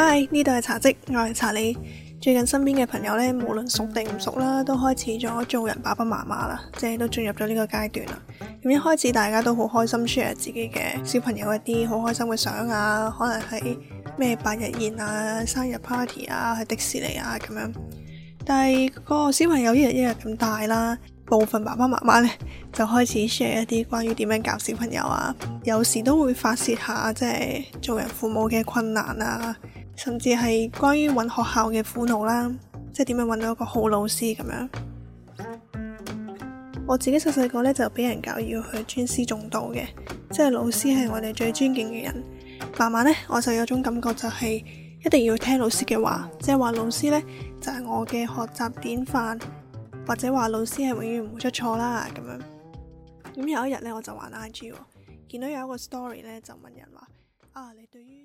嗨，呢度係茶嘖，我係查理。最近身邊嘅朋友呢，無論熟定唔熟啦，都開始咗做人爸爸媽媽啦，即係都進入咗呢個階段啦。咁一開始大家都好開心 share 自己嘅小朋友一啲好開心嘅相啊，可能係咩百日宴啊、生日 party 啊、去迪士尼啊咁樣。但係個小朋友一日一日咁大啦，部分爸爸媽媽呢，就開始 share 一啲關於點樣教小朋友啊，有時都會發泄下，即係做人父母嘅困難啊。甚至係關於揾學校嘅苦惱啦，即係點樣揾到一個好老師咁樣。我自己細細個呢，就俾人教要去尊師重道嘅，即係老師係我哋最尊敬嘅人。慢慢呢，我就有種感覺就係一定要聽老師嘅話，即係話老師呢，就係我嘅學習典範，或者話老師係永遠唔會出錯啦咁樣。咁有一日呢，我就玩 IG 喎，見到有一個 story 呢，就問人話：啊，你對於？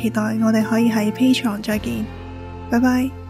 期待我哋可以喺 Patreon 再見，拜拜。